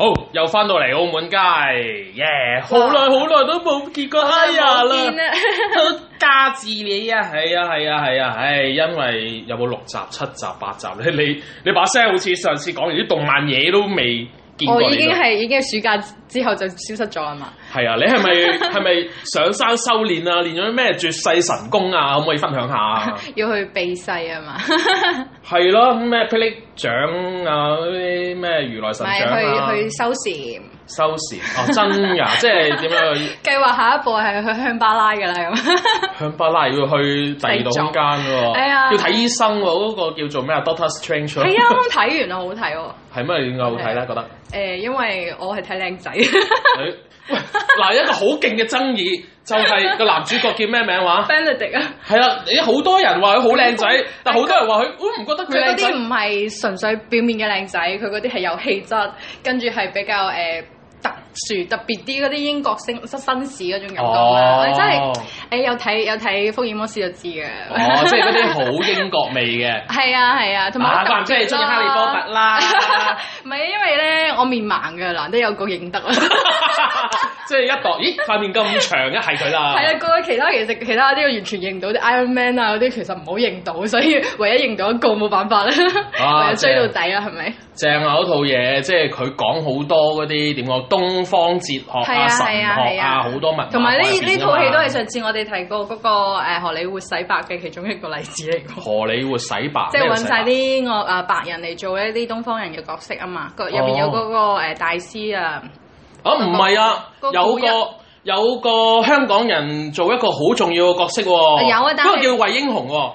好又翻到嚟澳門街，耶、yeah, 哇！好耐好耐都冇見過閪、哎、呀啦，好加住你啊！係啊係啊係啊，唉、啊啊啊啊，因為有冇六集七集八集咧？你你把聲好似上次講完啲動漫嘢都未見過我、哦、已經係已經暑假之後就消失咗啊嘛。係啊，你係咪係咪上山修練啊？練咗咩絕世神功啊？可唔可以分享下？要去避世啊嘛？ 係咯，咩霹靂獎啊，嗰啲咩如來神掌、啊、去去修善、啊，修善時 哦真呀，即係點樣？計劃 下一步係去香巴拉噶啦，咁 香巴拉要去第二度空間噶，係啊、哎呀，要睇醫生喎，嗰、嗰個叫做咩 Doctor Strange，係啊，我睇完啊，好睇喎、哦，係咩？點解好睇咧？覺得誒、哎，因為我係睇靚仔、 哎，喂，嗱一個好勁嘅爭議。 就係個男主角叫咩名話？Benedict Benedict. 啊，係啊，咦好多人話佢好靚仔， 但好多人話佢，我、哦、唔覺得佢佢嗰啲唔係純粹表面嘅靚仔，佢嗰啲係有氣質，跟住係比較誒。呃樹特別啲嗰啲英國星新新士嗰種感覺咧，真係誒有睇有睇福爾摩斯就知嘅，即係嗰啲好英國味嘅。係啊係啊，同埋即係中意哈利波特啦，唔係因為咧我面盲嘅，難得有個認得啦。即係一度咦塊面咁長，一係佢啦。係啊，個其他其實其他啲我完全認唔到啲 Iron Man 啊嗰啲，其實唔好認到，所以唯一認到一個冇辦法啦。啊追到底啊，係咪？正啊！嗰套嘢即係佢講好多嗰啲點講東。東方哲學啊、神學啊，好多文化同埋呢呢套戲都係上次我哋提過嗰個誒荷里活洗白嘅其中一個例子嚟。荷里活洗白，即係搵晒啲外誒白人嚟做一啲東方人嘅角色啊嘛。入邊有嗰個誒大師啊。啊，唔係啊，有個有個香港人做一個好重要嘅角色喎。有啊，不過叫衛英雄喎。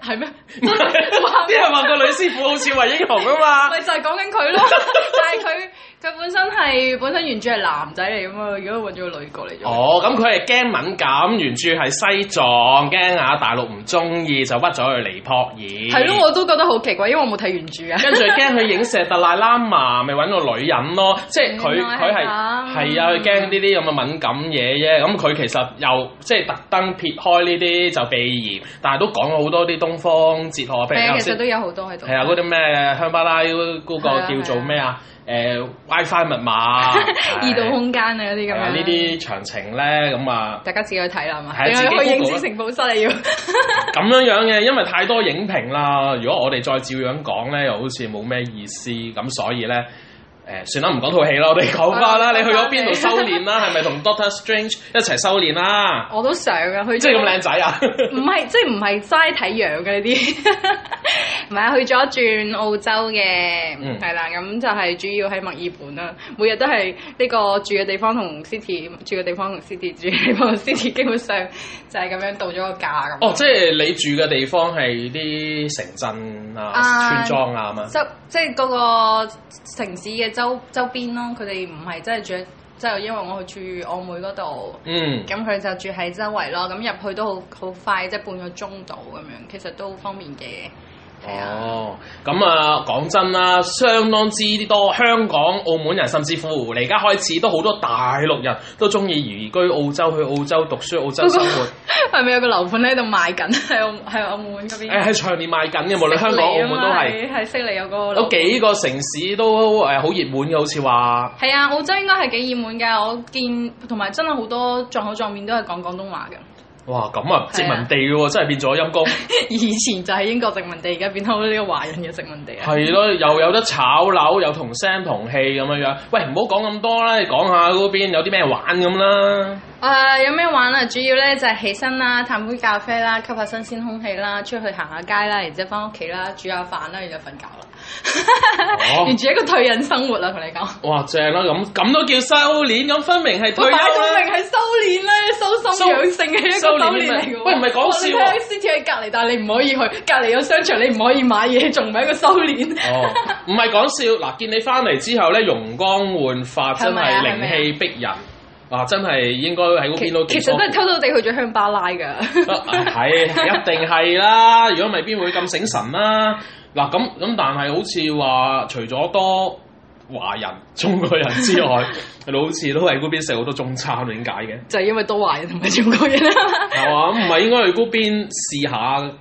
係咩？啲人話個女師傅好似衛英雄啊嘛。咪就係講緊佢咯，但係佢。佢本身係本身原著係男仔嚟咁嘛。如果換咗個女角嚟哦，咁佢係驚敏感，原著係西藏，驚啊大陸唔中意就屈咗去尼泊爾。係咯，我都覺得好奇怪，因為我冇睇原著啊。跟住驚佢影射達賴喇嘛，咪搵個女人咯，即係佢佢係係啊，驚呢啲咁嘅敏感嘢啫。咁佢其實又即係特登撇開呢啲就避嫌，但係都講好多啲東方哲學，譬如其實都有好多喺度。係啊，嗰啲咩香巴拉嗰個叫做咩啊。誒、呃、WiFi 密碼，異 是 度空間啊嗰啲咁樣。呢啲詳情咧咁啊，大家自己去睇啦嘛，係啊，啊去影、啊、 子情報室啊要。咁樣樣嘅，因為太多影評啦。如果我哋再照樣講咧，又好似冇咩意思。咁所以咧。誒，算啦，唔講套戲啦。我哋講翻啦。你去咗邊度修煉啦？係咪同 Doctor Strange 一齊修煉啦？我都想啊，去咗即係咁靚仔啊！唔係，即係唔係齋睇樣嘅呢啲，唔係啊，去咗轉澳洲嘅，係啦，咁就係主要喺墨爾本啦。每日都係呢個住嘅地方同 city 住嘅地方同 city 住嘅地方，city 同基本上就係咁樣度咗個假咁。哦，即係你住嘅地方係啲城鎮啊、村莊啊嘛？即即係嗰個城市嘅。周周邊咯，佢哋唔係真係住，係因為我去住我妹嗰度，咁佢、嗯、就住喺周圍咯，咁入去都好好快，即係半個鐘度咁樣，其實都好方便嘅。哦，咁啊，講真啦，相當之多香港、澳門人，甚至乎嚟而家開始都好多大陸人都中意移居澳洲，去澳洲讀書、澳洲生活。係咪、嗰個、有個樓盤喺度賣緊？喺澳喺澳門嗰邊？喺、哎、長年賣緊嘅，無論香港、澳門都係。係悉尼有個。有幾個城市都誒好熱門嘅，好似話。係啊，澳洲應該係幾熱門㗎。我見同埋真係好多撞口撞面都係講廣東話嘅。哇，咁啊殖民地喎，啊、真係變咗陰功。 以前就係英國殖民地，而家變到呢個華人嘅殖民地啊。係咯，又有得炒樓，又同聲同氣咁樣樣。喂，唔好講咁多啦，講下嗰邊有啲咩玩咁啦。誒，有咩玩啊、呃？主要咧就係、是、起身啦，嘆杯咖啡啦，吸下新鮮空氣啦，出去行下街啦，然之後翻屋企啦，煮下飯啦，然後瞓覺啦。連住 一個退隱生活啦、啊，同你講。哇，正啦、啊，咁咁都叫修煉，咁分明係退休啦、啊。我擺到明係修煉咧、啊，修心養性嘅一個修煉嚟嘅。喂，唔係講笑、啊，我哋可以先至喺隔籬，但係你唔可以去隔籬有商場，你唔可以買嘢，仲唔係一個修煉？哦，唔係講笑，嗱，見你翻嚟之後咧，容光煥發， 真係靈氣逼人，嗱，真係應該喺屋企都。其實都係偷偷地去咗香巴拉噶。係、 啊，一定係啦。如果唔係邊會咁醒神啦、啊。嗱咁咁，但係好似話，除咗多華人、中國人之外，佢哋 好似都喺嗰邊食好多中餐，點解嘅？就係因為多華人同埋中國人啦。 係啊，唔係應該去嗰邊試下？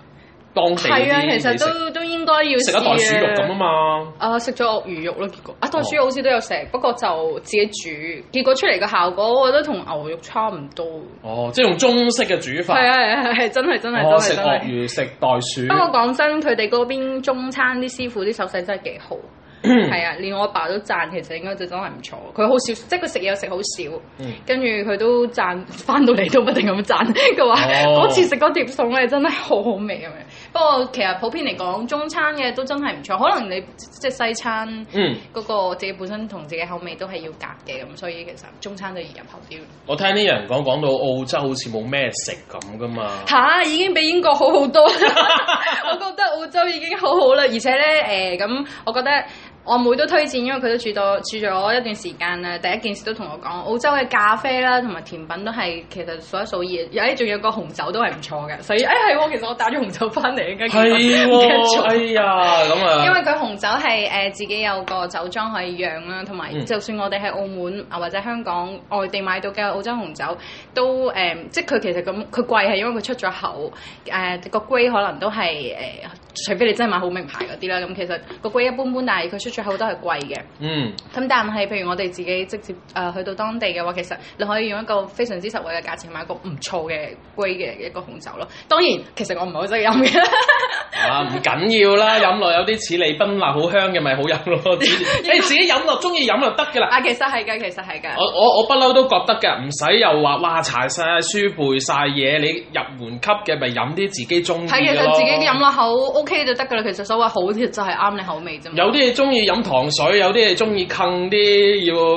係啊，其實都都應該要食一袋鼠肉咁啊嘛。啊，食咗鱷魚肉咯，結果啊，袋鼠肉好似都有食，哦、不過就自己煮，結果出嚟嘅效果，我覺得同牛肉差唔多。哦，即係用中式嘅煮法。係係係係，真係真係都係。食鱷、哦、魚，食袋鼠。不過講真，佢哋嗰邊中餐啲師傅啲手勢真係幾好。係 啊，連我阿爸都讚，其實應該就真係唔錯。佢好少，即係佢食嘢食好少，跟住佢都讚，返到嚟都不定咁讚，佢話嗰次食嗰碟餸咧真係好好味咁樣。不過其實普遍嚟講，中餐嘅都真係唔錯。可能你即係西餐，嗰、嗯、個自己本身同自己口味都係要夾嘅咁，所以其實中餐都要入口啲。我聽啲人講講到澳洲好似冇咩食咁㗎嘛？吓、啊，已經比英國好好多。 我覺得澳洲已經好好啦，而且咧誒咁，呃、我覺得。我妹都推薦，因為佢都住到住咗一段時間咧。第一件事都同我講，澳洲嘅咖啡啦，同埋甜品都係其實數一數二。誒，仲有個紅酒都係唔錯嘅。所以誒，係、哎、其實我帶咗紅酒翻嚟，而家記得咗。啊、哎，咁啊。因為佢紅酒係誒、呃、自己有個酒莊可以養啦，同埋就算我哋喺澳門啊或者香港外地買到嘅澳洲紅酒，都誒、呃、即係佢其實咁佢貴係因為佢出咗口誒、呃、個 grade 可能都係誒。呃除非你真係買好名牌嗰啲啦，咁其實個龜一般般，但係佢出咗口都係貴嘅。嗯。咁但係，譬如我哋自己直接誒、呃、去到當地嘅話，其實你可以用一個非常之實惠嘅價錢買個唔錯嘅貴嘅一個紅酒咯。當然，其實我唔係好識飲嘅。啊，唔緊要啦，但我 飲落有啲似李斌辣，香好香嘅咪好飲咯。你自己飲落中意飲就得嘅啦。啊，其實係嘅，其實係嘅。我我我不嬲都覺得嘅，唔使又話哇，查晒、書背晒嘢，你入門級嘅咪飲啲自己中意嘅。其實自己飲落好。O、okay、K 就得噶啦，其實所謂好嘅就係啱你口味啫。有啲嘢中意飲糖水，有啲嘢中意勁啲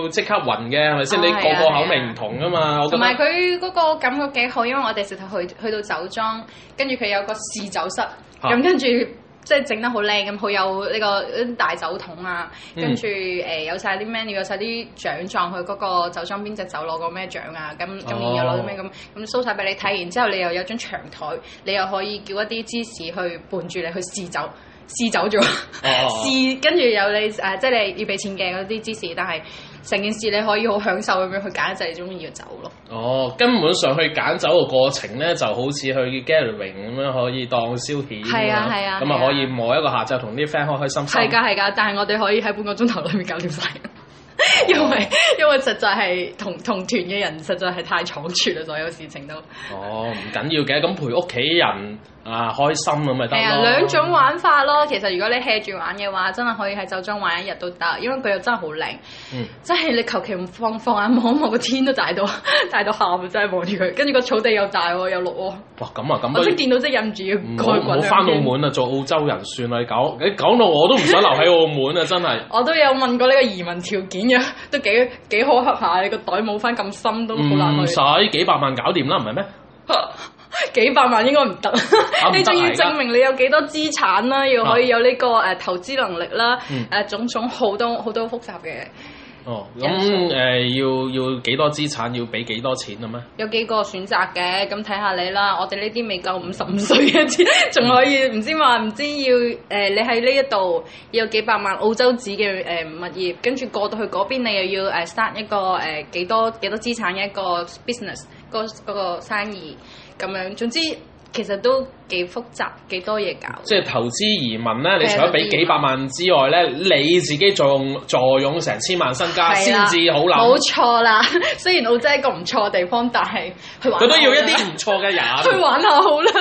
要即刻暈嘅，係咪先？你、啊啊啊啊、個個口味唔同噶嘛。同埋佢嗰個感覺幾好，因為我哋直頭去去到酒莊，跟住佢有個試酒室，咁跟住。即係整得好靚咁，好有呢個大酒桶啊！跟住誒有晒啲 menu，有晒啲獎狀，佢嗰個酒莊邊隻酒攞過咩獎啊？咁咁，年又攞啲咩咁？咁 show 曬俾你睇，然之後你又有張長台，你又可以叫一啲芝士去伴住你去試酒。試酒咗，哦、試跟住有你誒、啊，即係你要俾錢嘅嗰啲芝士，但係成件事你可以好享受咁樣去揀一隻你中意嘅酒咯。哦，根本上去揀酒嘅過程咧，就好似去 gathering 咁樣，可以當消遣啊，啊，咁啊，啊可以磨一個下晝同啲 friend 開開心心。係㗎，係㗎，但係我哋可以喺半個鐘頭裡面搞掂晒。哦、因為因為實在係同同團嘅人實在係太倉促啦，所有事情都。哦，唔緊要嘅，咁陪屋企人。啊，開心咁咪得咯！兩種玩法咯，其實如果你 hea 住玩嘅話，真係可以喺酒莊玩一日都得，因為佢又真係好靚，即係、嗯、你求其放放眼望望，個天都大到大到喊，真係望住佢，跟住個草地又大喎、哦，又綠喎、哦。哇！咁啊咁啊！我見到即係不忍唔住要蓋骨。我返澳門啦，做澳洲人算啦，你搞講到我都唔想留喺澳門啊， 真係的。 我都有問過呢個移民條件嘅，都幾幾好黑下，你個袋冇返咁深都好難去。唔使、嗯、幾百萬搞掂啦，唔係咩？ 幾百萬應該唔得，啊、 你仲要證明你有幾多資產啦，又、啊、可以有呢個誒投資能力啦，誒、啊啊、種種好多好多複雜嘅。哦，咁誒、嗯呃、要要幾多資產要俾幾多錢啊？咩？有幾個選擇嘅，咁睇下你啦。我哋呢啲未夠五十五歲嘅，仲可以唔、嗯、知話唔知要誒、呃，你喺呢一度要有幾百萬澳洲紙嘅誒物業，跟住過到去嗰邊，你又要誒 start 一個誒、呃、幾多幾多資產嘅一個 business。嗰嗰個生意咁樣，總之其實都幾複雜，幾多嘢搞。即係投資移民咧，對你除咗俾幾百萬之外咧，你自己坐擁成千萬身家先至了好難。冇錯啦，雖然澳洲係一個唔錯嘅地方，但係佢都要一啲唔錯嘅人 去玩下好啦。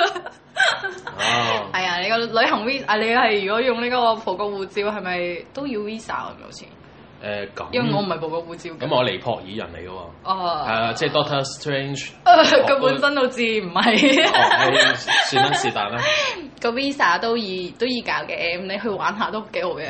哦，係啊，哎、你個旅行 Visa，你係如果用呢個葡國護照，係咪都要 Visa 啊？好似？誒，因為我唔係報個護照，咁我尼泊爾人嚟噶哦，係啊，即係 Doctor Strange，佢本身都知唔係，算啦，是但啦，個 Visa 都易都易搞嘅，咁你去玩下都幾好嘅。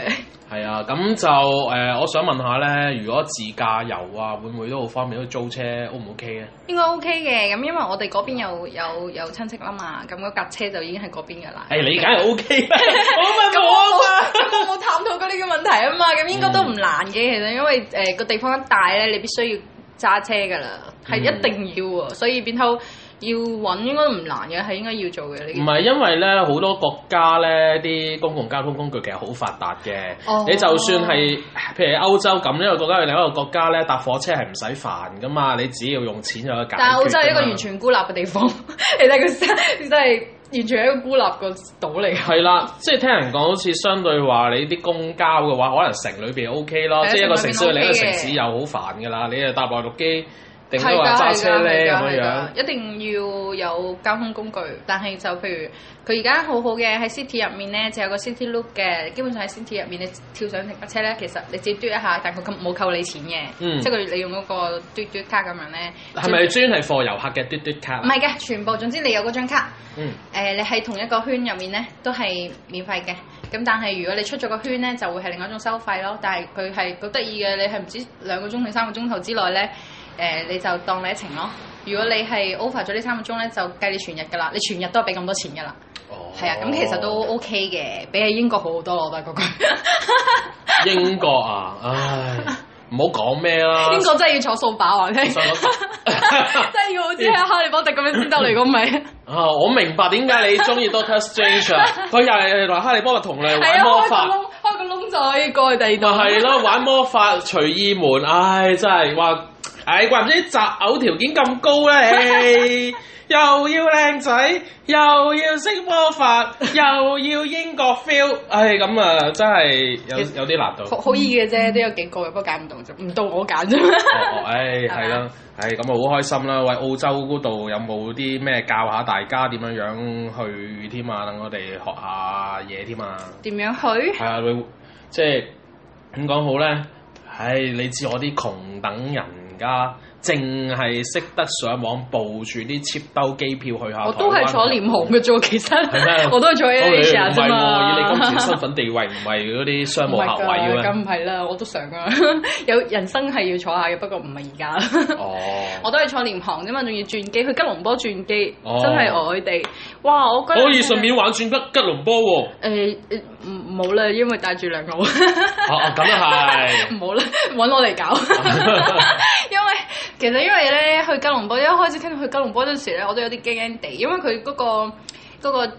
係啊，咁就誒，我想問下咧，如果自駕遊啊，會唔會都好方便？因為租車 O 唔 O K 咧？應該 O K 嘅，咁因為我哋嗰邊有有有親戚啦嘛，咁嗰架車就已經喺嗰邊噶啦。誒，理解 O K，我問過我啦，我冇探討過呢個問題啊嘛，咁應該都唔難嘅。其實因為誒個、呃、地方大咧，你必須要揸車噶啦，係、嗯、一定要啊，所以變好，要搵應該唔難嘅，係應該要做嘅。呢唔係因為咧好多國家咧啲公共交通工具其實好發達嘅，哦、你就算係、哦、譬如歐洲咁一個國家去另一個國家咧搭火車係唔使煩噶嘛，你只要用錢就得。解但係澳洲係一個完全孤立嘅地方， 其實佢真係。完全係一個孤立個島嚟。係啦，即係聽人講，好似相對話你啲公交嘅話，可能城裏邊 OK 咯，的即係一個城市對另、OK、一個城市又好煩㗎啦，你又搭內陸機。係㗎，係㗎，係㗎，一定要有交通工具。的但係就譬如佢而家好好嘅喺 City 入面咧，就有個 City Loop 嘅。基本上喺 City 入面，你跳上停車咧，其實你只嘟一下，但係佢冇扣你錢嘅。嗯、即係佢你用嗰個嘟嘟卡咁樣咧。係咪專係貨遊客嘅嘟嘟卡？唔係嘅，全部總之你有嗰張卡。嗯。呃、你喺同一個圈入面咧，都係免費嘅。咁但係如果你出咗個圈咧，就會係另一種收費咯。但係佢係好得意嘅，你係唔知兩個鐘頭定三個鐘頭之內咧。誒、欸，你就當你一程咯。如果你係 over 咗呢三個鐘咧，就計你全日噶啦。你全日都係俾咁多錢噶啦。哦，係啊，咁其實都 OK 嘅，比起英國好好多咯，我都係嗰句。 英國啊，唉，唔好講咩啦。英國真係要坐掃把喎，了 真係要好似阿哈利波特咁樣先得嚟個咪。 啊，我明白點解你中意 Doctor Strange，啊。佢又攞哈哈利波特同你玩魔法， 開個窿，開個窿仔就可以過去第二度。就係咯、啊，玩魔法，隨意門，唉，真係話。哇係、哎、怪唔知擇偶條件咁高咧， 又要靚仔，又要識魔法，又要英國 feel，唉，咁、哎、啊真係有其實 有啲難度。好易嘅啫，都有幾個嘅，不過揀唔到就唔到我揀啫。唉，係啦，唉，咁啊好 吧、哎、開心啦、啊。喂，澳洲嗰度有冇啲咩教下大家點樣樣去添啊？等我哋學下嘢添啊？點樣去？係 啊，你即係點講好咧？唉、嗯，你知我啲窮等人，人。家淨係識得上網報住啲切兜機票去下，我都係坐廉航嘅啫。其實嗎 我都係坐 AirAsia 啫嘛。你啊、 以你今次身份地位，唔係嗰啲商務客位咩？咁唔係啦，我都想啊， 有人生係要坐下嘅，不過唔係而家。哦 ，oh. 我都係坐廉航啫嘛，仲要轉機去吉隆坡轉機，oh. 真係外地。哇！我，我可以順便玩轉吉吉隆坡喎、啊。欸欸唔冇啦，因為帶住兩個。哦、啊、哦，咁又係，唔好啦，揾我嚟搞。 因為其實因為咧 去吉隆坡一開始聽到去吉隆坡嗰陣時咧，我都有啲驚驚地，因為佢嗰個嗰個。嗰個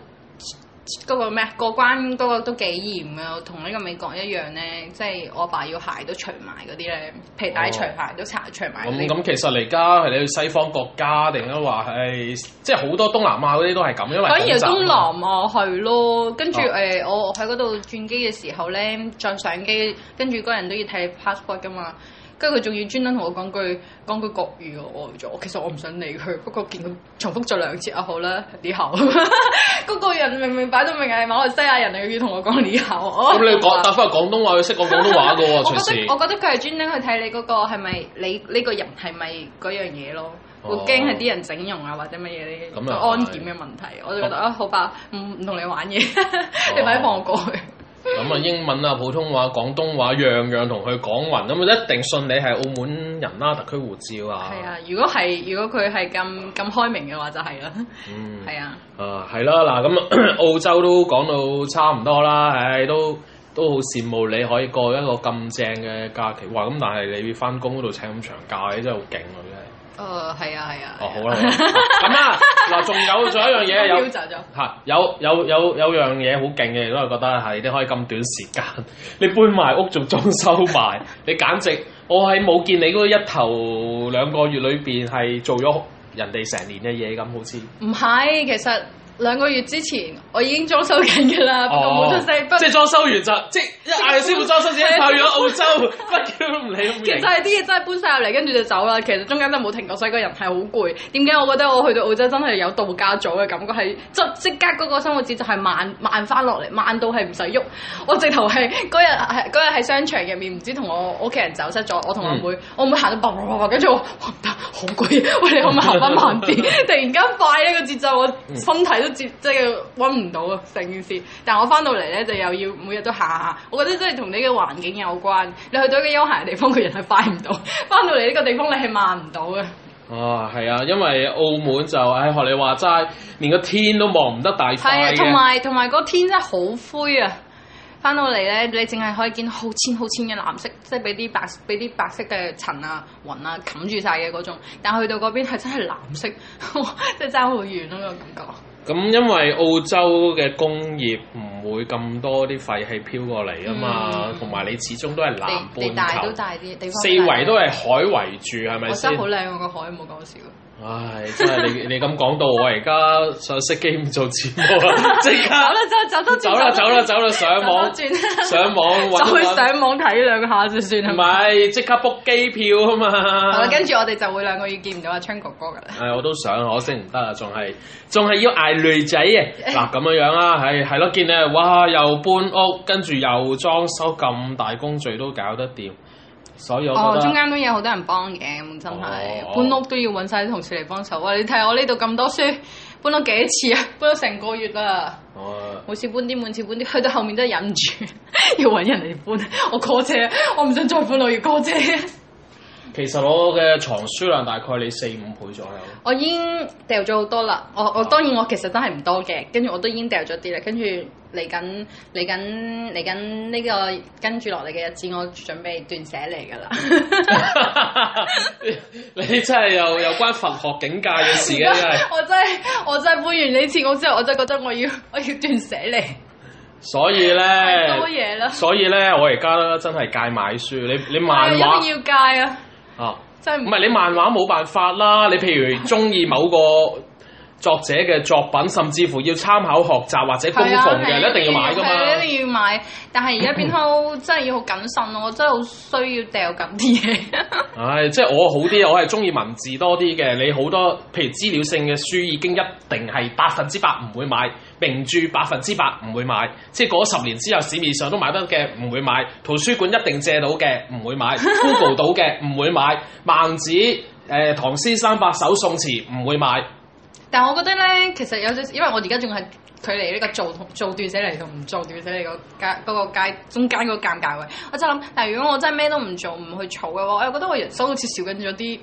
嗰個咩啊？過關嗰個都幾嚴噶，同呢個美國一樣咧，即係我爸爸要鞋都除埋嗰啲咧，皮帶除鞋都查除埋。咁咁、oh. 其實嚟家你去西方國家定都話係，即係好多東南亞嗰啲都係咁樣。反而東南亞去咯，跟住誒、oh. 欸、我喺嗰度轉機嘅時候咧，再相機，跟住個人都要睇 passport 噶嘛。跟住佢仲要專登同我講句講句國語我愛咗，其實我唔想理佢，不過見佢重複咗兩次，啊好啦，你好，嗰 個人明明擺到明係馬來西亞人你嘅，要同我講你好。咁你講打翻去廣東話，識講廣東話嘅喎 是，我覺得我覺得佢係專登去睇你嗰個係咪你呢個人係咪嗰樣嘢咯，我驚係啲人整容啊或者乜嘢呢啲安檢嘅問題，嗯、我就覺得啊，好吧，唔唔同你玩嘢， 你快啲放我過去。哦咁啊，英文啊，普通話、廣東話，樣樣同佢講勻，咁啊一定信你係澳門人啦，特區護照啊。係啊，如果係，如果佢係咁咁開明嘅話就，就係啦。嗯，係啊。啊，係啦、啊，嗱，咁澳洲都講到差唔多啦，唉、啊，都。都好羨慕你可以過一個咁正嘅假期，哇！咁但係你要翻工嗰度請咁長假，你真係好勁啊。真係。誒係啊係啊。哦好啦，咁啊。嗱仲有仲有一樣嘢有。嚇，有有有有樣嘢好勁嘅，都係覺得係你可以咁短時間， 你搬埋屋仲裝修埋， 你簡直我喺冇見你嗰一頭兩個月裏邊係做咗人哋成年嘅嘢咁好似。唔係，其實。兩個月之前，我已經裝修緊㗎啦，不過冇出聲。即係裝修完就即係是嗌師傅裝修，自己去咗澳洲，乜嘢都唔理。嗯、其實係啲嘢真係搬晒入嚟，跟住就走啦。其實中間都冇停過，所以個人係好攰。點解我覺得我去到澳洲真係有度假組嘅感覺？係即即刻嗰個生活節奏係慢慢翻落嚟，慢到係唔使喐。我直頭係嗰日日喺商場入面，唔知同我屋企人走失咗。我同、嗯、我妹，我妹行到啪啪啪啪，跟住我唔得，好攰。喂、哎，你可唔可以行翻慢啲？突然間快呢個節奏，我身體、嗯。都即係温唔到啊！成件事，但我翻到嚟咧就又要每日都下下。我覺得真係同你嘅環境有關。你去到一個休閒嘅地方，個人係快唔到；翻到嚟呢個地方你，你係慢唔到嘅。哦，係啊，因為澳門就係學、哎、你話齋，連個天都望唔得大曬。係啊，同埋同埋個天真係好灰啊！翻到嚟咧，你淨係可以見好淺好淺嘅藍色，即係俾啲白俾啲白色嘅塵啊雲啊冚住晒嘅嗰種。但係去到嗰邊係真係藍色，即係爭好遠咯個感覺。咁因為澳洲嘅工業唔會咁多啲廢氣飄過嚟啊嘛，同埋、嗯、你始終都係南半球，地地大地方四圍都係海圍住，係咪先？真係好靚啊個海，冇講笑。唉，真係你 你咁講到我而家想熄機唔做節目啊！即刻 走啦走走走走啦走啦走啦，上網上網，就去 上網睇 兩下就算啦。唔係即刻 book 機票啊嘛！跟住 我哋就會兩個月見唔到阿春哥哥噶啦。誒， 我都想，可惜唔得啊，仲係仲係要捱女仔 啊！嗱咁樣樣啦，係係咯，見你哇又搬屋，跟住又裝修咁大工序都搞得掂。所哦，中間都有好多人幫嘅，真係搬、哦、屋都要揾曬啲同事嚟幫手、啊。哇、哦，你睇我呢度咁多書，搬咗幾次啊，搬咗成個月啦、啊。每、哦、次搬啲，每次搬啲，去到後面都係忍唔住 要揾人嚟搬。我過車，我唔想再搬落去過車。 其實我嘅藏書量大概你四五倍左右。我已經掉咗好多啦，我我當然我其實真係唔多嘅，跟住我都已經掉咗啲啦，跟住嚟緊嚟緊嚟緊呢個跟住落嚟嘅日子，我準備斷捨離噶啦。你真係又有，有關佛學境界嘅事嘅 我真係我真係背完呢次我之後，我真係覺得我要我要斷捨離、嗯。所以咧，所以咧，我而家咧真係戒買書，你你漫畫 要戒啊！啊，即係唔係你漫畫冇辦法啦，你譬如中意某個。 作者嘅作品，甚至乎要參考學習或者供奉嘅，一定要買噶嘛。一定要買，但係而家變好，真係要好謹慎咯，我真係好需要掉緊啲嘢。唉，即係我好啲，我係中意文字多啲嘅。你好多譬如資料性嘅書已經一定係百分之百唔會買，名著百分之百唔會買。即係過咗十年之後，市面上都買得嘅唔會買，圖書館一定借到嘅唔會買，Google 到嘅唔會買。孟子、誒、唐詩三百首、宋詞唔會買。但係我覺得咧，其實有少少因為我而家仲係距離呢個做同做斷捨離同唔做斷捨離個階嗰個階中間嗰個尷尬位。我就係諗，但係如果我真係咩都唔做唔去儲嘅話，我又覺得我人生好似少緊咗啲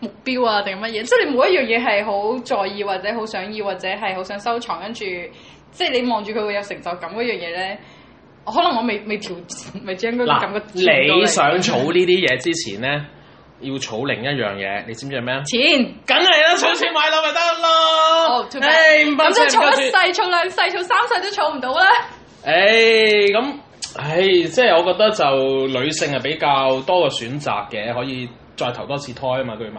目標啊定乜嘢。即係你每一樣嘢係好在意或者好想要或者係好想收藏，跟住，即係你望住佢會有成就感嗰樣嘢咧。可能我未未調未將嗰個感覺你想儲呢啲嘢之前咧？要儲另一樣嘢，你知唔知係咩啊？錢，梗係啦，儲錢買樓咪得咯。誒，你唔怕？咁即係儲一世、儲兩世、儲三世都儲唔到咧。誒，咁，唉，即係我覺得就女性係比較多嘅選擇嘅，可以再投多次胎啊嘛，據聞。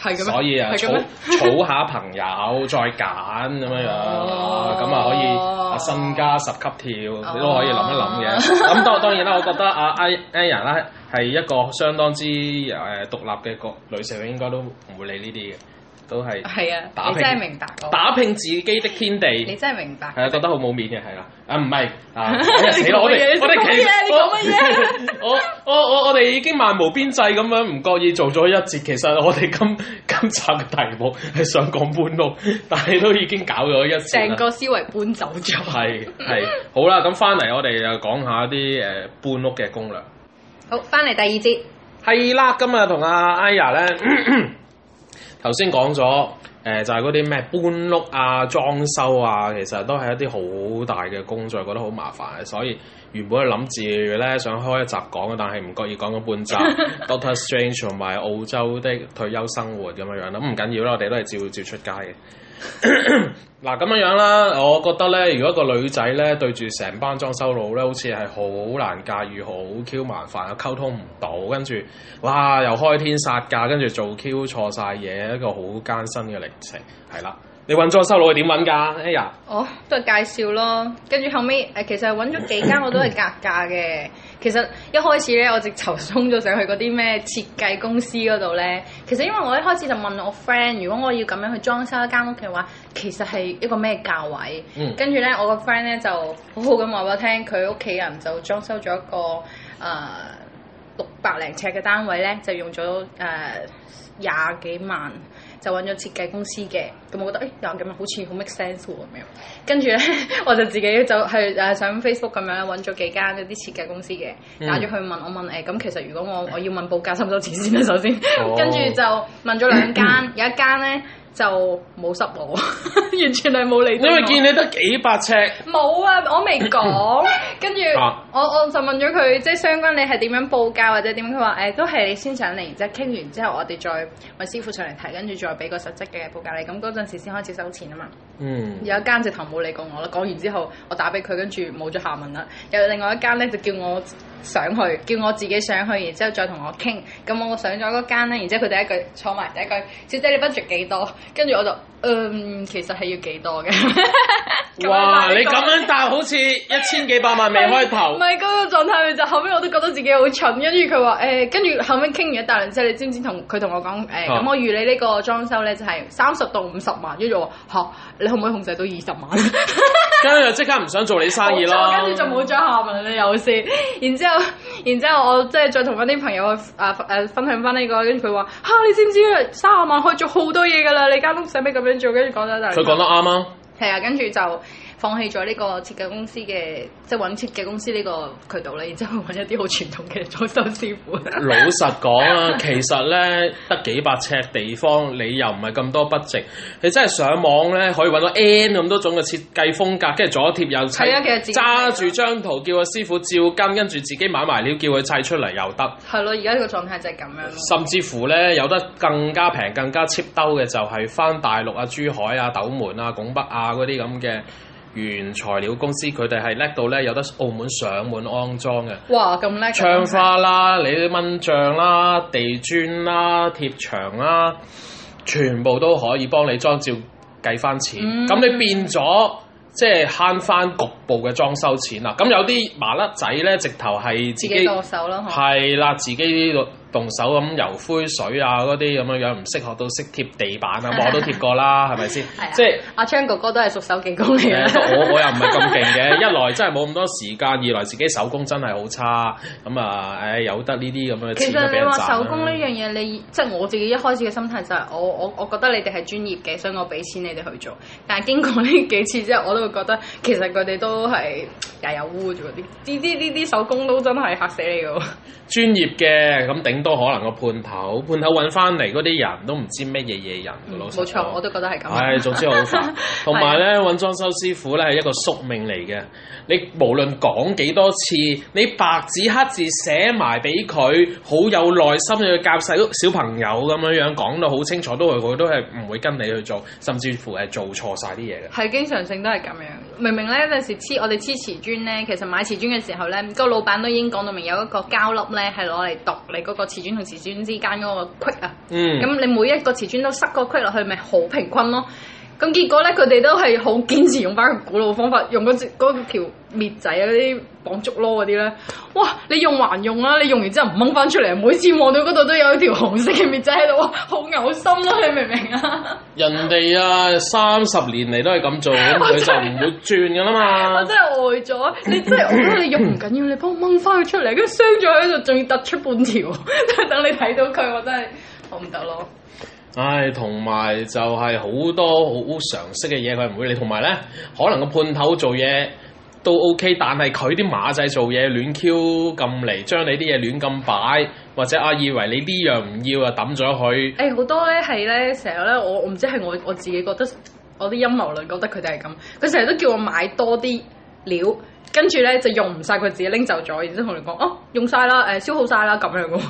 係嘅咩？所以啊，儲儲的 下朋友，再揀咁樣、啊、樣，咁啊可以。身家十級跳，oh. 你都可以諗一諗嘅。咁當、oh. 嗯、當然啦，然我覺得阿、 啊、AYA 啦係一個相當之誒獨、呃、立嘅個女性，應該都唔會理呢啲嘅。都係，係啊！你真係明白，打拼自己的天地，你真係明白。係啊，覺得好冇面嘅係啦。啊，唔係，我哋攞嘢，我哋攞嘢，你講乜嘢？我我我我哋已經漫無邊際咁樣唔覺意做咗一節。其實我哋今今集嘅題目係想講搬屋，但係都已經搞咗一節。成個思維搬走咗。係係。 好啦，咁翻嚟我哋就講一下啲誒搬屋嘅攻略。好，翻嚟第二節。係啦，今日同阿 AYA 咧。咳咳咳。頭先講咗，誒、呃、就係嗰啲咩搬屋啊、裝修啊，其實都係一啲好大嘅工作，覺得好麻煩。所以原本係諗住咧想開一集講嘅，但係唔覺意講咗半集。 Doctor Strange 同埋澳洲的退休生活咁樣樣啦，咁唔緊要啦，我哋都係照照出街嘅。嗱咁咳咳樣啦，我覺得咧，如果個女仔咧對住成班裝修佬咧，好似係好難駕馭，好 Q 麻煩，溝通唔到，跟住哇又開天殺價，跟住做 Q 錯晒嘢，一個好艱辛嘅歷程，係啦。你揾裝修佬係點揾㗎？Aya，都係介紹咯，跟住後尾，誒，其實揾咗幾間我都係格價嘅。 其實一開始咧，我直頭衝咗上去嗰啲咩設計公司嗰度咧。其實因為我一開始就問我 friend，如果我要咁樣去裝修一間屋嘅話，其實係一個咩價位？ 跟住咧，我個 friend 咧就好好咁話畀我聽，佢屋企人就裝修咗一個誒六百零尺嘅單位咧，就用咗誒廿幾萬。就揾咗設計公司嘅，咁我覺得誒又咁啊，好似好 make sense 喎咁樣。跟住咧，我就自己就去誒上 Facebook 咁樣揾咗幾間嗰啲設計公司嘅，嗯、打住去問我問誒，咁、哎、其實如果我我要問報價收唔收錢先啦，首先。跟住、oh. 就問咗兩間， 有一間咧。就冇濕我， 完全係冇理外因為見你得幾百尺，冇 啊！我未講，跟住 我我就問咗佢，即係相關你係點樣報價或者點樣？佢話誒都係你先上嚟，然之後傾完之後我，我哋再揾師傅上嚟睇，跟住再俾個實質嘅報價你。咁嗰陣時先開始收錢啊嘛。嗯。有間直頭冇理過我啦，講完之後我打俾佢，跟住冇咗下文啦。有另外一間咧，就叫我。上去叫我自己上去，然之後再同我傾。咁、嗯、我上咗嗰間咧，然之後佢第一句坐埋第一句，一句小姐你 budget 幾多？跟住我就。嗯，um, 其實係要幾多嘅？ 哇！你咁樣答好似一千幾百萬未開頭 是。唔係嗰個狀態，就後尾我都覺得自己好蠢。跟住佢話誒，跟、欸、住後尾傾完一大輪之後，你知唔知同佢同我講誒？咁、欸嗯嗯、我預你呢個裝修咧就係三十到五十萬。跟住我，吓、啊、你可唔可以控制到二十萬？跟住就即刻唔想做你生意咯。跟住就冇再下文啦，有先。然之後，後，然之後我即係再同我啲朋友啊誒分享翻、這、呢個，跟住佢話吓你知唔知三十萬可以做好多嘢噶啦？你間屋使咩咁？跟住講咗，但佢講得啱啊！係啊，跟住就。放棄咗呢個設計公司嘅，即係揾設計公司呢個渠道咧，然之後揾一啲好傳統嘅裝修師傅。老實講啊， 其實咧得幾百尺地方，你又唔係咁多筆值，你真係上網咧可以揾到 N 咁多種嘅設計風格，跟住左貼右砌，揸住張圖叫個師傅照跟，跟住自己買埋料叫佢砌出嚟又得。係咯，而家呢個狀態就係咁樣。甚至乎咧有得更加平、更加 cheap 兜嘅，就係、是、返大陸啊、珠海啊、斗門啊、拱北啊嗰啲咁嘅。原材料公司佢哋係叻到咧，有得澳門上門安裝嘅。哇，咁叻！窗花啦，你啲蚊帳啦、地磚啦、貼牆啦，全部都可以幫你裝，照計翻錢。咁、嗯、你變咗、嗯、即係慳翻局部嘅裝修錢啦。咁、嗯、有啲麻甩仔咧，直頭係自己落手咯。係啦，自己。動手咁油灰水啊，嗰啲咁嘅樣唔識學到識，貼地板啊，我都貼過啦，係咪先？即係阿昌哥哥都係熟手技工嚟嘅。我我又唔係咁勁嘅，一來真係冇咁多時間，二來自己手工真係好差。咁啊，唉，有得呢啲咁嘅錢都俾賺。其實你話手工呢樣嘢，你即係我自己一開始嘅心態就係我我我覺得你哋係專業嘅，所以我俾錢你哋去做。但係經過呢幾次之後，我都會覺得其實佢哋都係又有污糟嗰啲呢啲啲手工都真係嚇死你㗎喎！專業嘅咁頂多可能個判頭，判頭揾翻嚟嗰啲人都唔知乜嘢嘢人、嗯、老實講。冇錯，我都覺得係咁、哎。係總之好煩，同埋咧揾裝修師傅咧係一個宿命嚟嘅。你無論講幾多次，你白紙黑字寫埋俾佢，好有耐心去夾細小朋友咁樣樣講到好清楚，都係佢都係唔會跟你去做，甚至乎係做錯晒啲嘢嘅。係經常性都係咁樣。明明咧嗰陣時黐我哋黐瓷磚咧，其實買瓷磚嘅時候咧，個老闆都已經講到明有一個膠粒咧係攞嚟擋你嗰、個瓷磚同瓷磚之間嗰個隙啊，嗯，咁你每一個瓷磚都塞個隙落去，咪好平均咯。咁結果咧，佢哋都係好堅持用翻個古老嘅方法，用嗰隻嗰條滅仔嗰啲綁竹囉嗰啲咧，哇！你用還用啦，你用完之後唔掹翻出嚟，每次望到嗰度都有一條紅色嘅滅仔喺度，哇！好嘔心咯，你明唔明啊？人哋啊三十年嚟都係咁做，佢 就唔、是、會轉噶啦嘛。 我真係呆咗，你真係我覺得你用唔緊要，你幫我掹翻佢出嚟，跟住傷咗喺度，仲要突出半條， 等你睇到佢，我真係好唔得咯。唉，同埋、哎、就係好多好常識嘅嘢佢唔會理，同埋咧可能個判頭做嘢都 OK，但係佢啲馬仔做嘢亂 Q 咁嚟，將你啲嘢亂咁擺，或者啊以為你、哎、呢樣唔要啊抌咗佢。誒，好多咧係咧成日咧我我唔知係我我自己覺得我啲陰謀論覺得佢哋係咁，佢成日都叫我買多啲料，跟住咧就用唔晒，佢自己拎走咗，然之後同你講，哦用晒啦誒消耗晒啦咁樣嘅。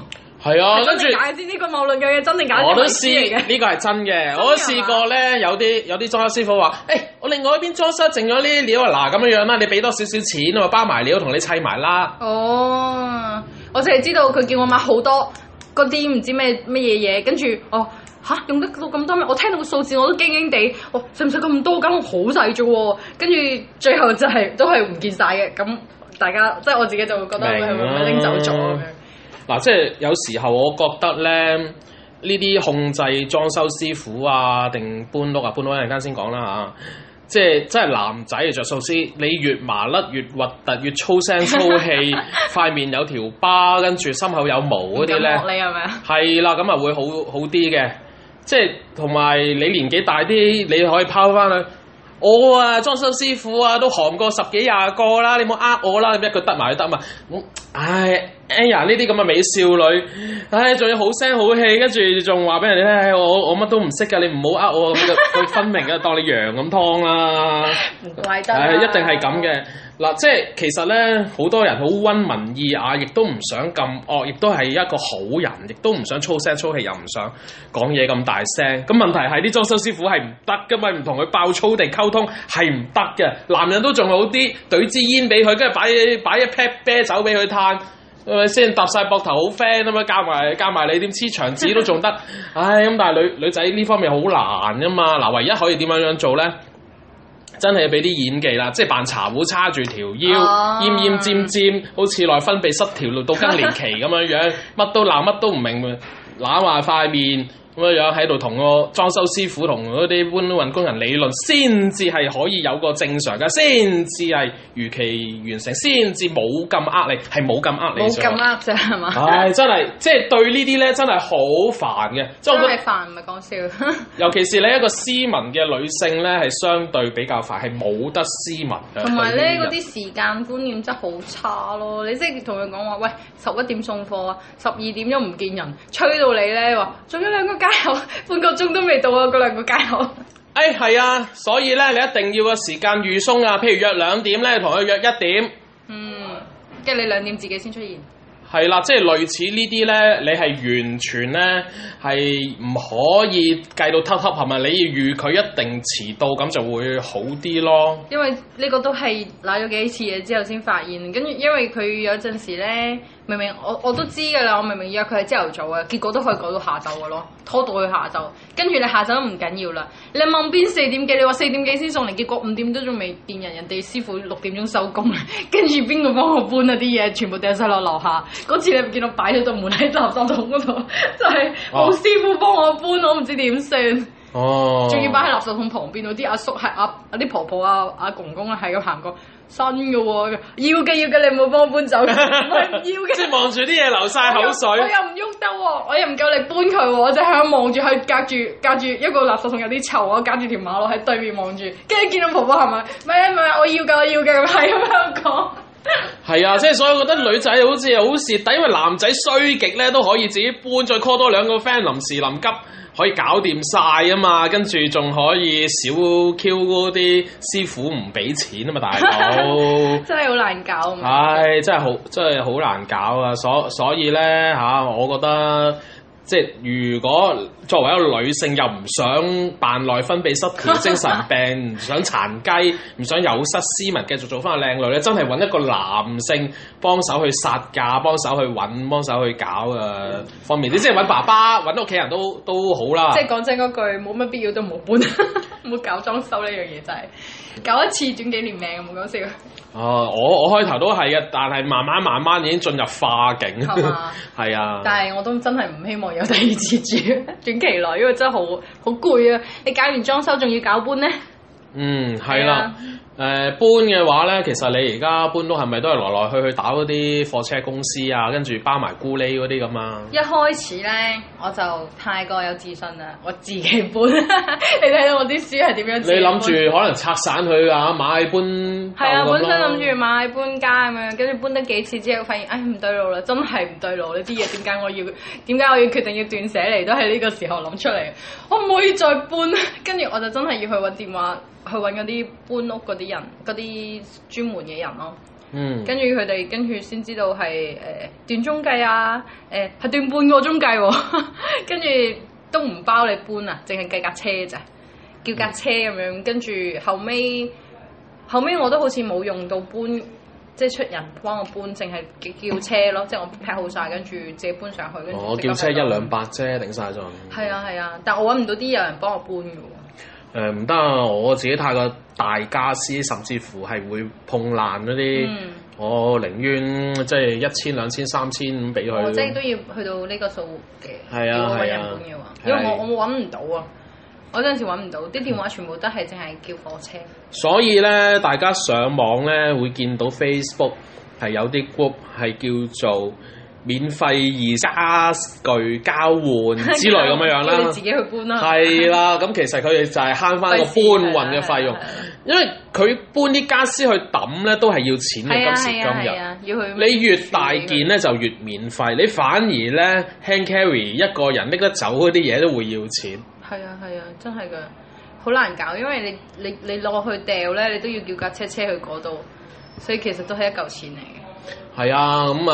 係啊，跟住著，解知呢個矛盾嘅嘢真定假？我都試呢個係真嘅，我都試過咧。有啲有啲裝修師傅話，誒、欸，我另外一邊裝修剩咗呢啲料，嗱咁、哎、樣樣啦，你俾多少少錢，包哦、我包埋料同你砌埋啦。哦，我淨係知道佢叫我買好多嗰啲唔知咩乜嘢嘢，跟住，哦，吓用得到咁多咩？我聽到個數字我都驚驚地，哦，使唔使咁多？咁我好細啫，跟住最後就係、是、都係唔見晒嘅。咁大家即係我自己就會覺得係咪拎、啊、走咗？嗱、啊，即係有時候，我覺得咧，呢啲控制裝修師傅啊，定搬屋啊，搬屋一陣間先講啦嚇，即係即係男仔着數先。你越麻甩越核突越粗聲粗氣，塊面 有條疤，跟住心口有毛嗰啲咧，係啦，咁啊會好好啲嘅。即係同埋你年紀大啲，你可以拋翻佢。我、oh, 啊裝修師傅啊，都行過十幾廿個啦，你冇呃我啦，咁一句得埋佢得嘛。我、嗯、唉。哎呀！呢啲咁嘅美少女，唉、哎，仲要好聲好氣，跟住仲話俾人哋聽、哎、我我乜都唔識噶，你唔好呃我佢。 分明嘅，當你羊咁劏、哎、啦。唔怪得，係一定係咁嘅嗱。即係其實咧，好多人好溫文意雅，亦都唔想咁惡，亦都係一個好人，亦都唔想粗聲粗氣，又唔想講嘢咁大聲。咁問題係啲裝修師傅係唔得噶嘛，唔同佢爆粗地溝通係唔得嘅。男人都仲好啲，懟支煙俾佢，跟住擺擺一 pet 啤酒俾佢嘆。係咪先搭晒膊頭好 friend 咁樣夾埋夾埋你點黐牆紙都仲得？ 唉咁，但係女女仔呢方面好難噶嘛。嗱，唯一可以點樣樣做咧，真係俾啲演技啦，即係扮茶壺叉住條腰，奄奄尖尖，好似內分泌失調到更年期咁樣樣，乜 都鬧，乜都唔明，攬埋塊面。咁樣喺度同個裝修師傅同嗰啲搬運工人理論，先至係可以有個正常嘅，先至係如期完成，先至冇咁呃你，係冇咁呃你。冇咁呃啫，係嘛？唉，真係即係對呢啲咧，真係好煩嘅。真係煩，唔係講笑。 尤其是你一個斯文嘅女性咧，係相對比較煩，係冇得斯文。同埋咧，嗰啲時間觀念真係好差咯。你即係同佢講話，喂，十一點送貨啊，十二點都唔見人，吹到你咧，話仲有兩個半個鐘都未到啊，嗰兩個街口。誒，係啊，所以咧，你一定要個時間預鬆啊，譬如約兩點咧，同佢約一點。嗯，即係你兩點自己先出現。係啦、啊，即係類似呢啲咧，你係完全咧係唔可以計到偷偷係咪？你要預佢一定遲到，咁就會好啲咯。因為呢個都係瀨咗幾次嘢之後先發現，跟住因為佢有陣時咧。明明我我都知噶啦，我明明約佢喺朝頭早嘅，結果都可以改到下晝嘅咯，拖到去下晝。跟住你下晝都唔緊要啦，你問邊四點幾，你話四點幾先送嚟，結果五點都仲未見人，人哋師傅六點鐘收工。 跟住邊個幫我搬啊啲嘢？全部掟晒落樓下。嗰次你見到擺咗度門喺垃圾桶嗰度， 就係冇師傅幫我搬，啊、我唔知點算。哦，仲要擺喺垃圾桶旁邊嗰啲阿叔係阿阿啲婆婆啊阿、啊、公公啊，係咁行過。新嘅喎，要嘅要嘅，你唔好幫我搬走，我唔 要嘅。即係望住啲嘢流晒口水。我又唔喐得喎，我又唔夠力搬佢喎，我就係望住佢隔住隔住一個垃圾桶有啲臭，啊，隔住條馬路喺對面望住，跟住見到婆婆係咪？唔係唔係，我要嘅我要嘅，係咁樣講。係 啊，即係所以我覺得女仔好似好蝕底，因為男仔衰極咧都可以自己搬，再 call 多兩個 friend 臨時臨急。可以搞掂晒啊嘛，跟住仲可以少 Q 啲師傅唔俾錢啊嘛，大佬、 哎。真係好難搞。唉，真係好真係好難搞啊！所以所以咧吓、啊，我覺得。即係如果作為一個女性又唔想辦內分泌失調、精神病、唔 想殘雞、唔想有失斯文，繼續做翻個靚女咧，真係揾一個男性幫手去殺價，幫手去揾，幫手去搞嘅方便，你即係揾爸爸、揾屋企人都都好啦。即係講真嗰句，冇乜必要都冇搬，冇 搞裝修呢樣嘢真係，搞一次短幾年命，好講笑。哦、uh，我我開頭都係嘅，但係慢慢慢慢已經進入化境，係吧 啊。但係我都真係唔希望有第二次住，短期內因為真係好好攰啊！你搞完裝修仲要搞搬咧，嗯，係啦。誒、呃、搬嘅話咧，其實你而家搬屋係咪都係來來去去打嗰啲貨車公司啊，跟住包埋咕喱嗰啲咁啊？一開始咧，我就太過有自信啦，我自己搬。 你睇到我啲書係點樣？你諗住可能拆散佢 啊？買搬？係啊，本身諗住買搬家咁樣，跟住搬得幾次之後，發現唉唔、哎、唔對路啦，真係唔對路呢啲嘢點解我要點解 我，我要決定要斷捨離都係呢個時候諗出嚟？可唔可以再搬，跟住我就真係要去揾電話，去揾嗰啲搬屋嗰啲。人嗰啲專門嘅人咯，嗯，跟住佢哋跟住先知道係誒斷鐘計啊，誒係斷半個鐘計啊，跟住都唔包你搬啊，淨係計架車咋，叫架車咁樣，跟住後尾，後尾我都好似冇用到搬，即係出人幫我搬，淨係叫叫車咯，即係我劈好晒，跟住自己搬上去。我叫、哦、車一兩百啫，頂晒咗。係啊係啊，但我搵唔到啲有人幫我搬嘅。誒唔得，啊、呃，我自己太過大傢俬，甚至乎係會碰爛嗰啲，我、嗯哦、寧願即係一千、兩千、三千五俾佢。我即係都要去到呢個數嘅，要揾日本要啊，啊因為我我揾唔到啊，啊我有陣時揾唔到，啲電話全部都係淨係叫貨車。嗯、所以咧，大家上網咧會見到 Facebook 係有啲 group 係叫做，免費而家具交換之類咁樣樣啦，你自己去搬啦，係啦。咁其實佢哋就係慳翻個搬運嘅費用，因為佢搬啲家私去揼咧都係要錢嘅。今時今日要去，你越大件咧就越免費，你反而咧 hand carry 一個人拎得走嗰啲嘢都會要錢。係啊係啊，真係噶，好難搞，因為你你你落去掉咧，你都要叫架車車去嗰度，所以其實都係一嚿錢嚟嘅。係啊，咁、嗯、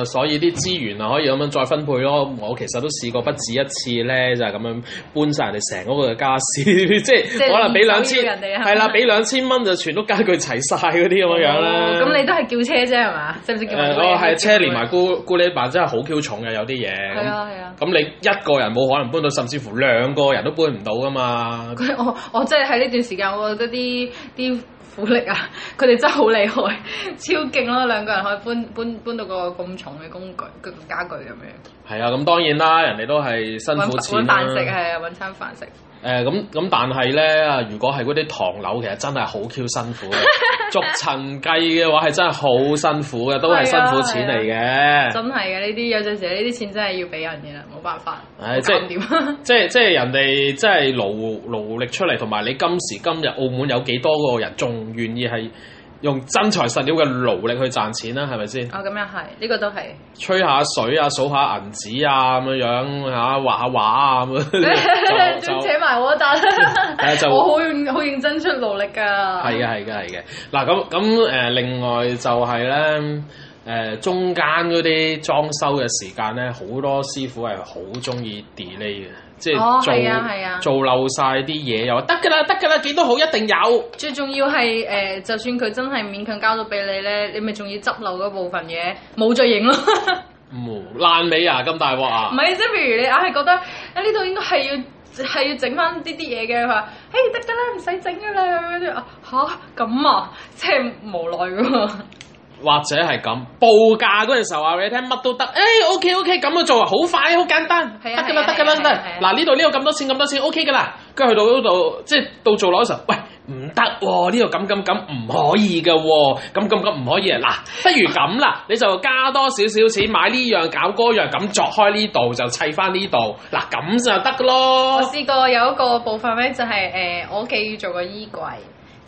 啊，所以啲資源啊可以咁樣再分配咯。我其實都試過不止一次咧，就係、是、咁樣搬晒人哋成屋嘅家私， 即係可能俾兩千，係啦，俾兩千蚊就全屋家具齊晒嗰啲咁樣啦。咁、嗯、你都係叫車啫係嘛？使唔使叫？哦、呃，係、嗯、些車連埋姑姑你爸真係好 Q 重嘅有啲嘢。係啊係啊。咁、啊嗯、你一個人冇可能搬到，甚至乎兩個人都搬唔到噶嘛。佢我我真係喺呢段時間，我覺得啲啲。苦力啊！佢哋真係好厲害，超勁咯！兩個人可以搬搬搬到個咁重嘅工具、個傢俱咁樣。係啊，咁當然啦，人哋都係辛苦錢啦。揾飯食，係啊，揾餐飯食。誒，咁咁、嗯嗯、但係咧，如果係嗰啲唐樓，其實真係好 Q 辛苦，逐層計嘅話係真係好辛苦嘅，都係辛苦錢嚟嘅。 真係嘅呢啲有陣時呢啲錢真係要俾人嘅啦，冇辦法。係、嗯、即係即係 人哋即係勞勞力出嚟，同埋你今時今日澳門有幾多個人仲願意係？用真材實料嘅勞力去賺錢啦，係咪先？啊、哦，咁又係，呢、這個都係。吹下水啊，數下銀紙啊，咁樣樣吓，畫下畫咁、啊。仲 扯埋我一單，我好好認真出勞力噶。係嘅， 係嘅，係嘅。嗱，咁咁誒，另外就係、是、咧，誒、呃，中間嗰啲裝修嘅時間咧，好多師傅係好中意 delay 嘅。即係做、哦啊啊、做漏晒啲嘢又話得嘅啦，得嘅啦，幾多好一定有。最重要係誒、呃，就算佢真係勉強交到俾你咧，你咪仲要執漏嗰部分嘢，冇著影咯。冇、 哦、爛尾啊！咁大鑊啊！唔係即係譬如你硬係覺得啊呢度應該係要係要整翻呢啲嘢嘅，佢話誒得嘅啦，唔使整嘅啦咁樣啲啊嚇咁啊，即係無奈喎。或者係咁報價嗰陣時候話俾你聽乜都得，誒 O K O K 咁樣做，好快好簡單，得噶啦得噶啦，嗱呢度呢度咁多錢咁多錢 O K 噶啦，跟、okay、住去到嗰度即係到做樓嗰時候，喂唔得喎，呢度咁咁咁唔可以嘅喎，咁咁咁唔可以啊，嗱不如咁啦，你就加多少少錢買呢、這個這個、樣搞嗰、這個、樣、這個，咁作開呢度就砌翻呢度，嗱咁就得噶咯。我試過有一個部分咧，就係、是、誒、呃、我屋企要做個衣櫃。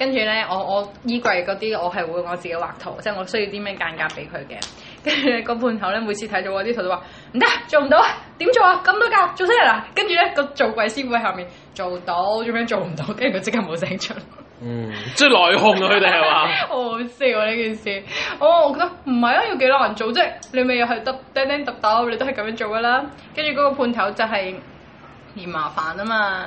跟住咧，我我衣櫃嗰啲，我係會我自己畫圖，即係我需要啲咩間隔俾佢嘅。跟住個判頭咧，每次睇到我啲圖都話唔得，做唔到，啊，點做啊？咁多格，做出嚟啦？跟住咧，個做櫃師傅喺後面做到，做咩做唔到？跟住佢即刻冇聲出。嗯，即係內控到佢哋係話，好笑呢件事。哦，我覺得唔係啊，要幾多人做？啫，你咪又係得叮叮揼打，你都係咁樣做噶啦。跟住嗰個判頭就係嫌麻煩啊嘛。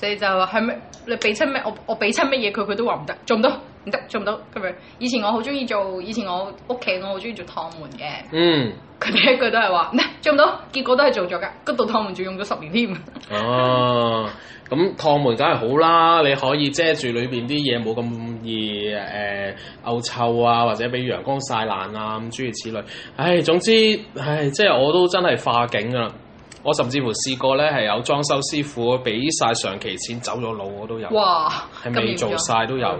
你就話係咩？你俾出咩？我我俾出乜嘢佢佢都話唔得，做唔到，唔得，做唔到咁樣。以前我好中意做，以前我屋企我好中意做趟門嘅。嗯，佢第一句都係話唔得，做唔到。結果都係做咗噶，嗰度趟門仲用咗十年添，啊。哦，咁趟門梗係好啦，你可以遮住裏邊啲嘢，冇咁易誒嘔臭啊，或者俾陽光曬爛啊，咁諸如此類。唉，總之唉，即係我都真係化境㗎啦～我甚至乎試過咧，係有裝修師傅俾晒上期錢走咗路，我都有。哇！係未做晒都有。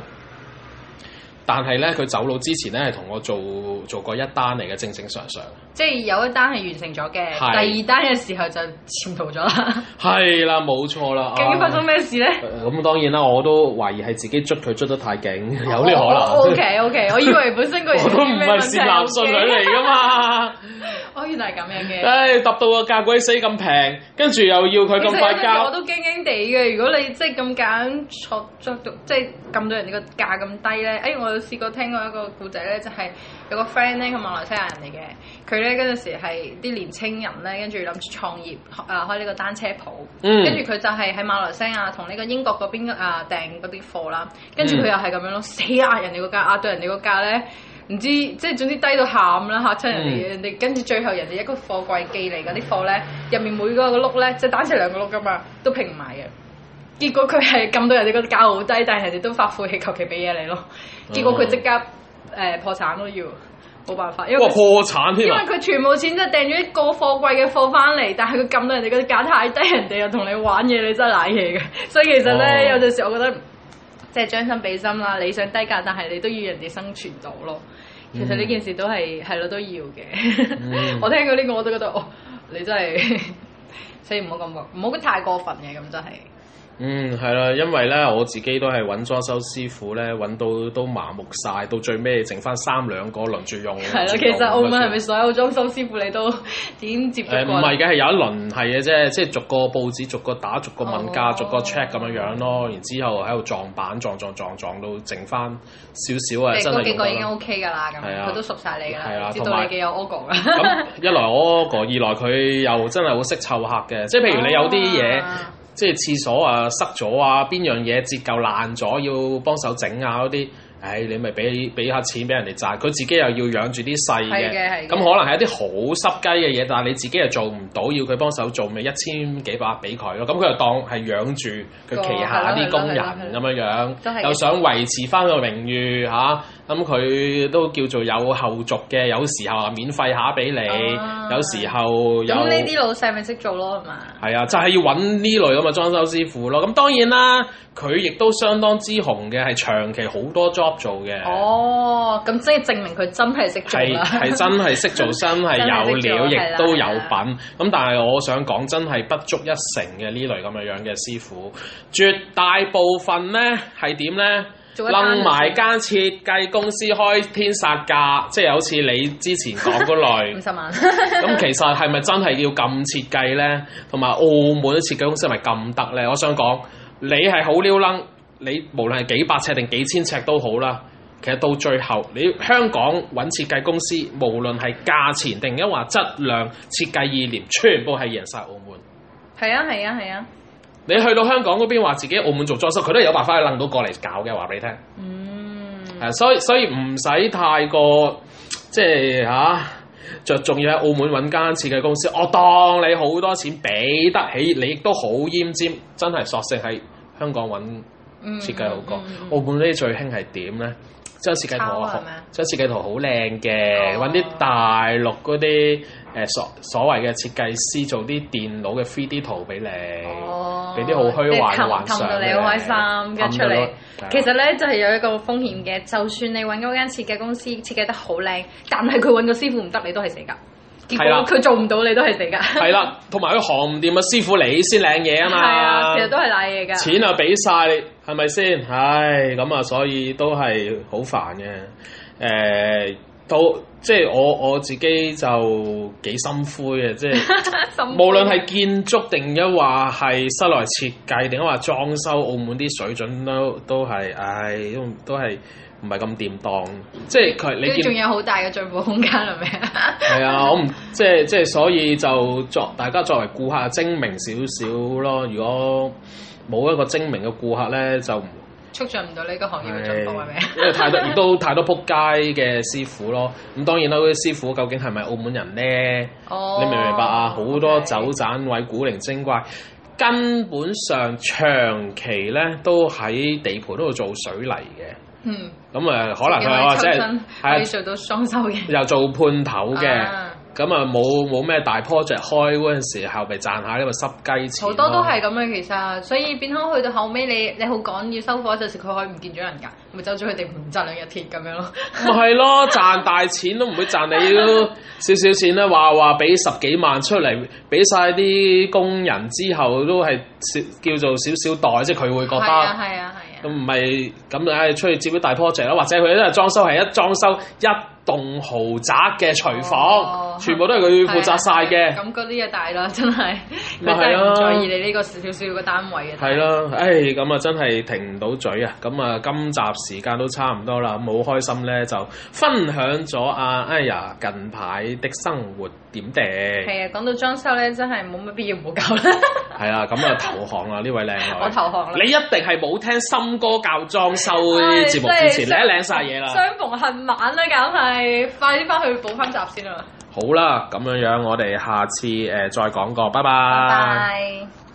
但係咧，佢走佬之前咧，係同我做做過一單嚟嘅，正正常常。即係有一單係完成咗嘅，第二單嘅時候就潛逃咗啦。係啦，冇錯啦。究竟發生咩事咧？咁當然啦，我都懷疑係自己捉佢捉得太勁，有呢可能。O K O K，我以為本身個人都唔係善男信女嚟噶嘛。原嚟係咁樣嘅，誒、哎，揼到個價鬼死咁平，跟住又要佢咁快交，我都驚驚地嘅。如果你即係咁揀錯作到，即係咁撳到人哋個價咁低咧，誒、哎，我有試過聽過一個故仔咧，就係、是、有個 friend 咧，佢馬來西亞人嚟嘅，佢咧嗰陣時係啲年青人咧，跟住諗住創業啊，開呢個單車鋪，跟住佢就係喺馬來西亞同呢個英國嗰邊啊、呃、訂嗰啲貨啦，跟住佢又係咁樣咯，嗯、死壓人哋個價，壓到人哋個價咧。唔知即係，總之低到喊啦，嚇親、嗯、人哋，人哋跟住最後人哋一個貨櫃寄嚟嗰啲貨咧，入面每嗰個碌咧，即、就、係、是、單車兩個碌噶嘛，都拼唔埋嘅。結果佢係撳到人哋個價好低，但係人哋都發晦氣，求其俾嘢你咯。結果佢即刻誒、呃、破產咯，要冇辦法。因為哇！破產添，因為佢全部錢都訂咗一個貨櫃嘅貨翻嚟，但係佢撳到人哋個價太低，人哋又同你玩嘢，你真係瀨嘢嘅。所以其實咧，哦、有陣時我覺得。即係將心比心啦，你想低價，但係你都要人哋生存到咯。其實呢件事都係係咯，都要嘅。Mm. 我聽過呢、呢個，我都覺得哦，你真係所以唔好咁過，唔好太過分嘅咁，真係、就是。嗯，係啦，因為咧，我自己都係揾裝修師傅咧，揾到都麻木晒，到最尾剩翻三兩個輪住用。係咯的，其實澳門係咪所有裝修師傅你都點接？誒唔係嘅，係有一輪係嘅啫，即係逐個報紙，逐個打，逐個問價，oh. 逐個 check 咁樣樣咯。然之後喺度撞板撞撞撞撞，撞到剩翻少少啊！真係嗰幾個已經 OK 㗎啦，咁佢樣樣都熟晒你啦，的知道你幾有 O g 哥嘅。咁、 嗯、一來 O g l e 二來佢又真係好識湊客嘅，即係譬如你有啲嘢。Oh, okay, 啊啊啊即係廁所啊，塞咗啊，邊樣嘢折舊爛咗，要幫手整啊嗰啲，唉，你咪俾俾下錢俾人哋賺，佢自己又要養住啲細嘅，咁、嗯、可能係一啲好濕雞嘅嘢，但係你自己又做唔到，要佢幫手做，咪一千幾百俾佢咯，咁佢又當係養住佢旗下啲工人咁樣樣，哦、又想維持翻個名譽嚇。啊咁佢、嗯、都叫做有後續嘅，有時候啊免費下俾你，啊、有時候有呢啲老細咪識做咯，係嘛？係啊，就係、係、要揾呢類咁嘅裝修師傅咯。咁、嗯、當然啦，佢亦都相當之紅嘅，係長期好多 job 做嘅。哦，咁、嗯、即係證明佢真係識做啦。係係真係識做，真係有料，亦 都有品。咁的、嗯、但係我想講，真係不足一成嘅呢類咁樣樣嘅師傅，絕大部分呢係點呢？冧埋間設計公司開天殺價，即係好似你之前講嗰類五十 萬。 咁其實係咪真係要咁設計呢？同埋澳門設計公司係咪咁得呢？我想講，你係好僂楞，你無論係幾百尺定幾千尺都好啦。其實到最後，你香港揾設計公司，無論係價錢定抑或質量設計意念，全部係贏晒澳門。係啊！係啊！係啊！你去到香港嗰邊話自己喺澳門做裝修，佢都有辦法去掄到過嚟搞嘅，話俾你聽。嗯。係，所以所以唔使太過即係嚇仲要喺澳門揾間設計公司，我當你好多錢俾得起，你亦都好奄尖，真係索性喺香港揾設計好過、嗯嗯嗯、澳門呢？最興係點咧？張設計圖張、嗯嗯嗯、設計圖好靚嘅，揾啲、嗯嗯嗯嗯嗯嗯、大陸嗰啲。誒所所謂嘅設計師做啲電腦嘅 3D 圖俾你，俾啲好虛幻幻想你，諗到你好開心，跟住出嚟。其實咧就係、是、有一個風險嘅，嗯、就算你揾嗰間設計公司設計得好靚，但係佢揾個師傅唔得你，你都係死㗎。結果佢做唔到你，你都係死㗎。係啦的，同埋佢行唔掂嘅師傅，你先賴嘢啊嘛。係啊， 其實都係賴嘢㗎。錢啊，俾晒你，係咪先？唉，咁啊，所以都係好煩嘅。誒、欸。都即係我我自己就幾心灰嘅，即係 心灰嘅，無論係建築定一話係室內設計定一話裝修，澳門啲水準都都係，唉都都係唔係咁掂當，即係佢你仲見有好大嘅進步空間啦，係咪啊？係啊，我唔即係即係，所以就作大家作為顧客精明少少咯。如果冇一個精明嘅顧客咧，就。唔。促進唔到呢個行業嘅進步係咪？因為太多亦 都太多撲街嘅師傅咯。咁當然啦，嗰啲師傅究竟係咪澳門人咧？Oh, 你明唔明白啊？好 Okay. 多酒盞位古靈精怪，根本上長期咧都喺地盤度做水泥嘅。嗯、mm。咁、呃、啊，可能佢啊即係係啊，做到裝修嘅。 又做判頭嘅。Ah. 咁啊冇冇咩大 project 開嗰陣時候，咪賺下呢個濕雞錢。好多都係咁嘅其實，所以變咗去到後尾。你你好趕要收貨嗰陣時，佢可以唔見咗人㗎，咪走咗佢哋唔賺兩日鐵咁樣咯。唔係咯，賺大錢都唔會賺你少少錢啦，話話俾十幾萬出嚟，俾晒啲工人之後都係少叫做少少袋，即係佢會覺得。係啊係啊係啊。唔係咁唉，出去接啲大 project 啦，或者佢因為裝修係一裝修一。棟豪宅嘅廚房，嗯哦嗯、全部都係佢負責晒嘅，嗯。咁嗰啲就大啦，真係。咁係咯。所以你呢個少少少嘅單位，係咯，唉，咁啊真係停唔到嘴啊！咁、哎、啊，今集時間都差唔多啦，好開心咧，就分享咗啊哎呀近排的生活點滴。係啊，講到裝修咧，真係冇乜必要補救啦。係 啊，咁啊投降啦呢 位靚女。 我投降。你一定係冇聽森哥教裝修節目之前，你一領曬嘢啦。相逢恨晚啊，梗係。係快啲翻去補翻習先啊！好啦，咁樣樣我哋下次誒、呃、再講過，拜拜。Bye bye.